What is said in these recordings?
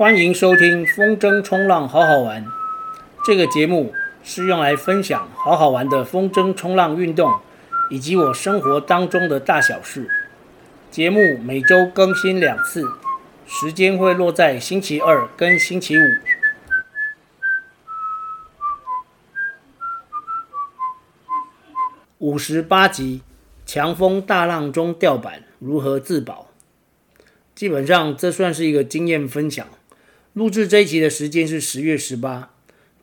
歡迎收聽風箏衝浪好好玩。這個節目是用來分享好好玩的風箏衝浪運動，以及我生活當中的大小事。節目每周更新兩次，時間會落在星期二跟星期五。五十八集：強風大浪中掉板如何自保？基本上，這算是一個經驗分享。錄製這一集的時間是十月十八。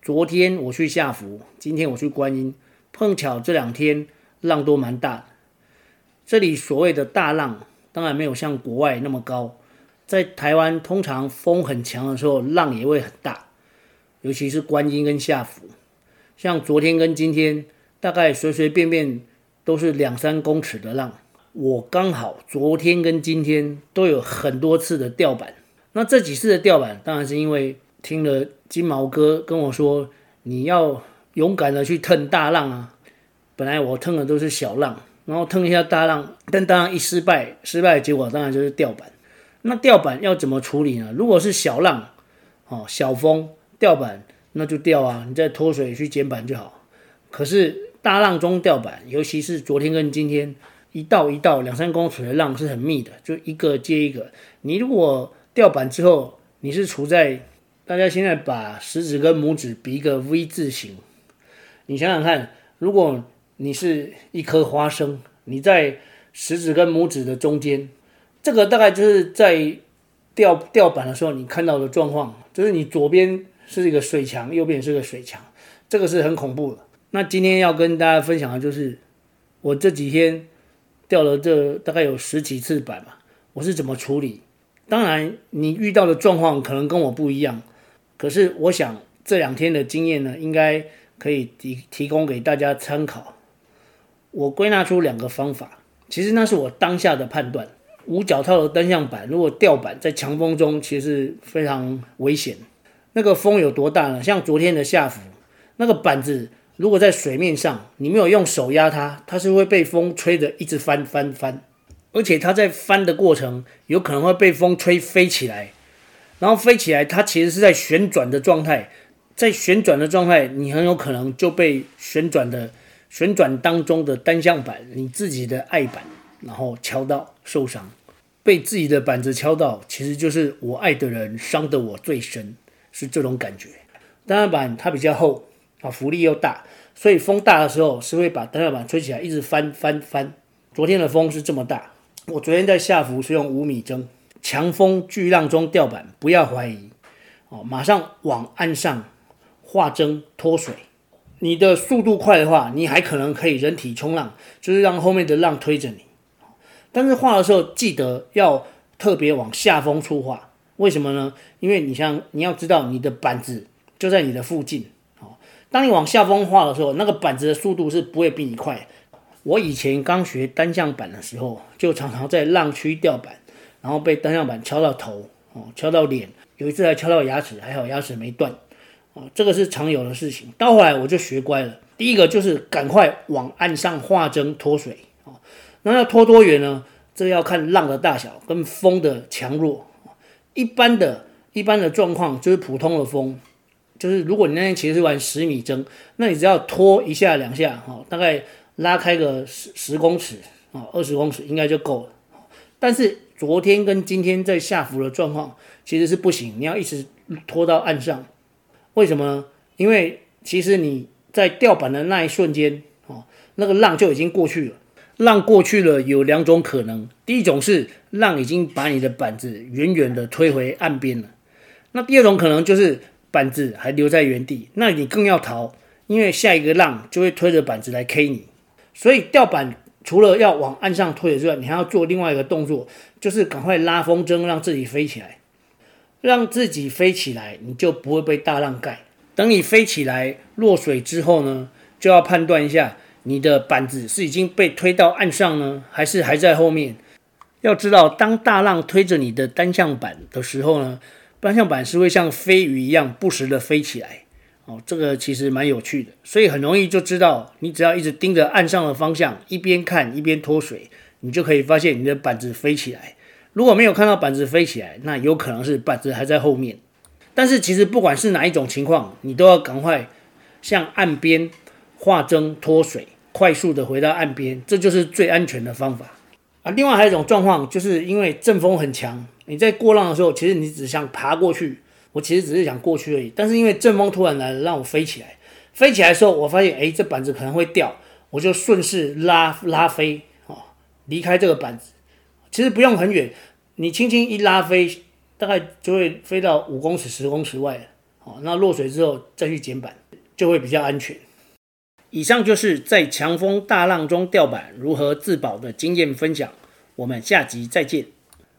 昨天我去下福，今天我去觀音，碰巧這兩天浪都蠻大。這裡所謂的大浪，當然沒有像國外那麼高。在台灣，通常風很強的時候，浪也會很大，尤其是觀音跟下福。像昨天跟今天，大概隨隨便便都是兩三公尺的浪。我剛好昨天跟今天都有很多次的掉板。那這幾次的掉板，當然是因為聽了金毛哥跟我說，你要勇敢地去蹬大浪啊。本來我蹬的都是小浪，然後蹬一下大浪，但大浪一失敗，失敗的結果當然就是掉板。那掉板要怎麼處理呢？如果是小浪哦，小風掉板，那就掉啊，你再拖水去撿板就好。可是大浪中掉板，尤其是昨天跟今天，一道一道兩三公尺的浪是很密的，就一個接一個。你如果掉板之後，你是處在，大家現在把食指跟拇指比一個 V 字形，你想想看，如果你是一顆花生，你在食指跟拇指的中間，這個大概就是在掉掉板的時候你看到的狀況，就是你左邊是一個水牆，右邊是個水牆，這個是很恐怖的。那今天要跟大家分享的就是，我這幾天掉了這大概有十幾次板吧，我是怎麼處理？當然，你遇到的狀況可能跟我不一樣，可是我想這兩天的經驗呢，應該可以提提供給大家參考。我歸納出兩個方法，其實那是我當下的判斷。無腳套的單向板如果掉板在強風中，其實非常危險。那個風有多大呢？像昨天的下福，那個板子如果在水面上，你沒有用手壓它，它是會被風吹得一直翻翻翻。翻而且它在翻的過程，有可能會被風吹飛起來，然後飛起來，它其實是在旋轉的狀態，在旋轉的狀態，你很有可能就被旋轉的旋轉當中的單向板，你自己的愛板，然後敲到受傷，被自己的板子敲到，其實就是我愛的人傷得我最深，是這種感覺。單向板它比較厚，啊，浮力又大，所以風大的時候是會把單向板吹起來，一直翻翻翻。昨天的風是這麼大。我昨天在下福是用五米箏，強風巨浪中掉板，不要懷疑，哦，馬上往岸上劃箏脫水。你的速度快的話，你還可能可以人體衝浪，就是讓後面的浪推着你。但是劃的時候記得要特別往下風處劃，為什麼呢？因為你想你要知道你的板子就在你的附近。哦，當你往下風劃的時候，那個板子的速度是不會比你快。我以前剛學單向板的時候，就常常在浪區掉板，然後被單向板敲到頭哦，敲到臉，有一次還敲到牙齒，還好牙齒沒斷哦，這個是常有的事情。到後來我就學乖了，第一個就是趕快往岸上劃箏脫水哦，那要拖多遠呢？這個要看浪的大小跟風的強弱。一般的，一般的狀況就是普通的風，就是如果你那天其實是玩十米箏，那你只要拖一下兩下哦，大概。拉開個十十公尺啊，二十公尺應該就夠了。但是昨天跟今天在下福的狀況其實是不行，你要一直拖到岸上。為什麼呢？因為其實你在掉板的那一瞬間哦，那個浪就已經過去了。浪過去了有兩種可能，第一種是浪已經把你的板子遠遠的推回岸邊了；那第二種可能就是板子還留在原地，那你更要逃，因為下一個浪就會推着板子來 K 你。所以掉板除了要往岸上推之外，你還要做另外一個動作，就是趕快拉風箏，讓自己飛起來，讓自己飛起來，你就不會被大浪蓋。等你飛起來落水之後呢，就要判斷一下你的板子是已經被推到岸上呢，還是還在後面。要知道，當大浪推着你的單向板的時候呢，單向板是會像飛魚一樣不時的飛起來。哦，這個其實蠻有趣的，所以很容易就知道，你只要一直盯着岸上的方向，一邊看一邊拖水，你就可以發現你的板子飛起來。如果沒有看到板子飛起來，那有可能是板子還在後面。但是其實不管是哪一種情況，你都要趕快向岸邊劃箏拖水，快速地回到岸邊，這就是最安全的方法啊。另外還有一種狀況，就是因為陣風很強，你在過浪的時候，其實你只想爬過去。我其實只是想過去而已，但是因為陣風突然來了，讓我飛起來。飛起來的時候，我發現，哎，這板子可能會掉，我就順勢拉拉飛，哦，離開這個板子。其實不用很遠，你輕輕一拉飛，大概就會飛到五公尺、十公尺外了。好，哦，那落水之後再去撿板，就會比較安全。以上就是在強風大浪中掉板如何自保的經驗分享。我們下集再見。